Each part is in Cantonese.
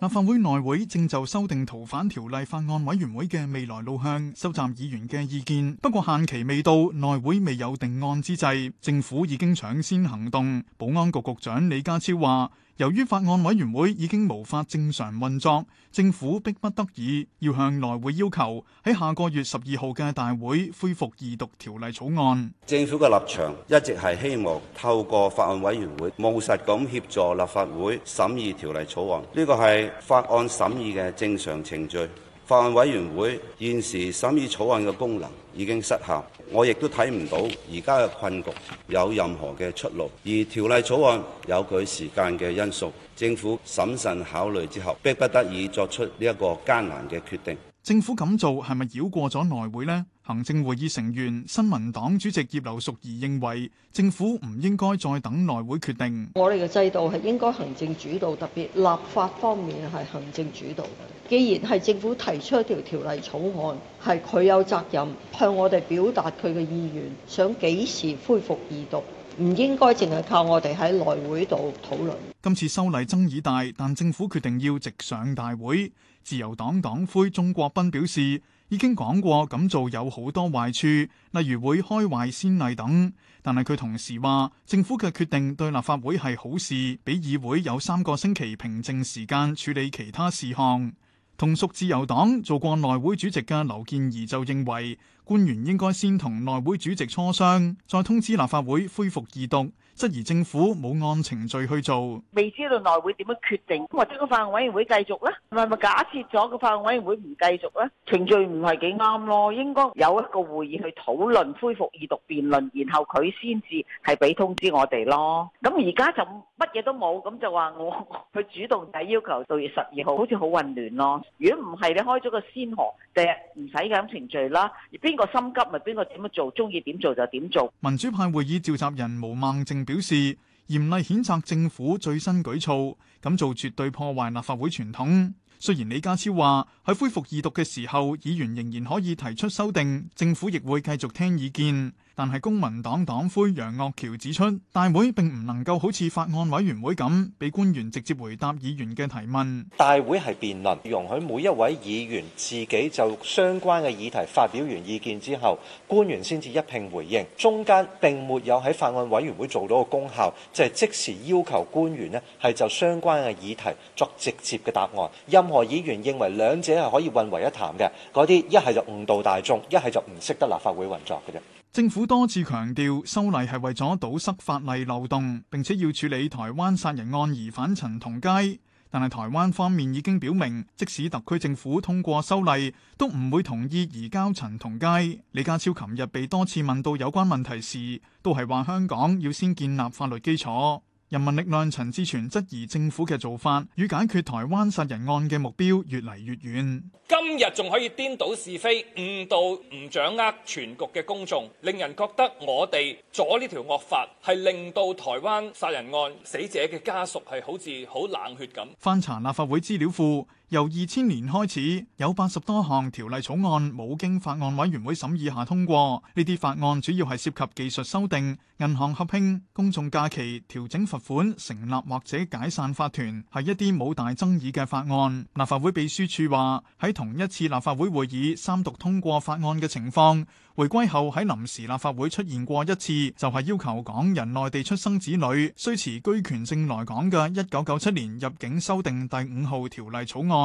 立法會內會正就修訂逃犯條例法案委員會嘅未來路向收集議員嘅意見，不過限期未到，內會未有定案之際，政府已經搶先行動。保安局局長李家超話。由於法案委員會已經無法正常運作，政府迫不得已要向內會要求喺下個月十二號嘅大會恢復二讀條例草案。政府嘅立場一直係希望透過法案委員會務實咁協助立法會審議條例草案，呢個係法案審議嘅正常程序。法案委員會現時審議草案嘅功能已經失效，我亦都睇唔到而家嘅困局有任何嘅出路。而條例草案有佢時間嘅因素，政府審慎考慮之後迫不得已作出呢一個艱難嘅決定。政府咁做係咪繞過咗內會咧？行政會議成員，新民黨主席葉劉淑儀認為政府唔應該再等內會決定。我哋嘅制度係應該行政主導特，特別立法方面係行政主導。既然係政府提出一條條例草案，係佢有責任向我哋表達佢嘅意願，想幾時恢復二讀，唔應該淨係靠我哋喺內會度討論。今次修例爭議大，但政府決定要直上大會。自由黨黨魁鍾國斌表示，已經講過，咁做有好多壞處，例如會開壞先例等。但係佢同時話，政府嘅決定對立法會係好事，俾議會有三個星期平靜時間處理其他事項。同屬自由黨做過內會主席嘅劉健儀就認為。官員應該先同內會主席磋商，再通知立法會恢復二讀。質疑政府冇按程序去做，未知道內會點樣決定，或者個法案委員會繼續咧？唔係咪假設咗個法案委員會唔繼續咧？程序唔係幾啱咯，應該有一個會議去討論恢復二讀辯論，然後佢先至係俾通知我哋咯。咁而家就乜嘢都冇，咁就話我佢主動就係要求到月十二號，好似好混亂咯。如果唔係你開咗個先河，第日唔使咁程序啦，而個心急咪邊個點樣做，中意點做就點做。民主派會議召集人毛孟正表示，嚴厲譴責政府最新舉措，咁做絕對破壞立法會傳統。雖然李家超話喺恢復二讀嘅時候，議員仍然可以提出修訂，政府亦會繼續聽意見。但係公民黨黨魁楊岳橋指出，大會並唔能夠好似法案委員會咁，俾官員直接回答議員嘅提問。大會係辯論，容許每一位議員自己就相關嘅議題發表完意見之後，官員先至一併回應。中間並沒有喺法案委員會做到嘅功效，就係即時要求官員咧係就相關嘅議題作直接嘅答案。何議員認為兩者係可以混為一談嘅，嗰啲一係就誤導大眾，一係就唔識得立法會運作嘅啫。政府多次強調修例係為咗堵塞法例漏洞，並且要處理台灣殺人案疑犯陳同佳。但係台灣方面已經表明，即使特區政府通過修例，都唔會同意移交陳同佳。李家超琴日被多次問到有關問題時，都係話香港要先建立法律基礎。人民力量陳志全質疑政府嘅做法與解決台灣殺人案嘅目標越嚟越遠。今日仲可以顛倒是非，誤導唔掌握全局嘅公眾，令人覺得我哋阻呢條惡法係令到台灣殺人案死者嘅家屬係好似好冷血咁。翻查立法會資料庫，由二千年開始，有八十多項條例草案冇經法案委員會審議下通過。呢啲法案主要係涉及技術修訂、銀行合併、公眾假期調整、罰款、成立或者解散法團，係一啲冇大爭議嘅法案。立法會秘書處話，喺同一次立法會會議三讀通過法案嘅情況，回歸後喺臨時立法會出現過一次，就係、是、要求港人內地出生子女需持居權證來港嘅一九九七年入境修訂第五號條例草案。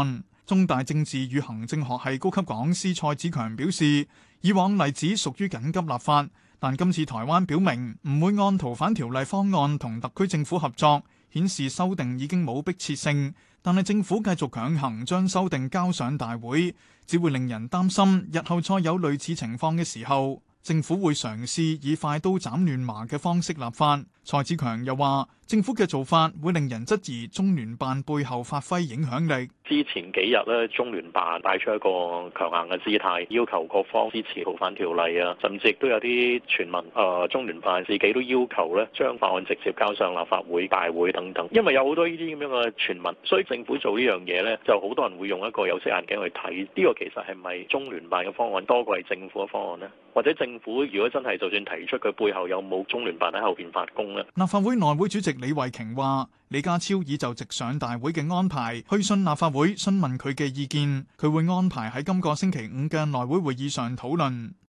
中大政治與行政學系高級講師蔡子強表示：以往例子屬於緊急立法，但今次台灣表明唔會按逃犯條例方案同特區政府合作，顯示修訂已經冇迫切性。但係政府繼續強行將修訂交上大會，只會令人擔心日後再有類似情況嘅時候，政府會嘗試以快刀斬亂麻嘅方式立法。蔡子強又話：政府嘅做法會令人質疑中聯辦背後發揮影響力。之前幾日呢中聯辦帶出一個強硬嘅姿態，要求各方支持《逃犯條例》啊，甚至亦都有啲傳聞，誒、呃、中聯辦自己都要求呢將法案直接交上立法會大會等等。因為有好多呢啲咁樣嘅傳聞，所以政府做呢樣嘢呢，就好多人會用一個有色眼鏡去睇呢、這個，其實係咪中聯辦嘅方案多過係政府嘅方案呢？或者政府如果真係就算提出佢背後有冇中聯辦喺後邊發功？立法會內會主席李慧瓊話，李家超已就直上大會嘅安排，去信立法會詢問佢嘅意見，佢會安排喺今個星期五嘅內會會議上討論。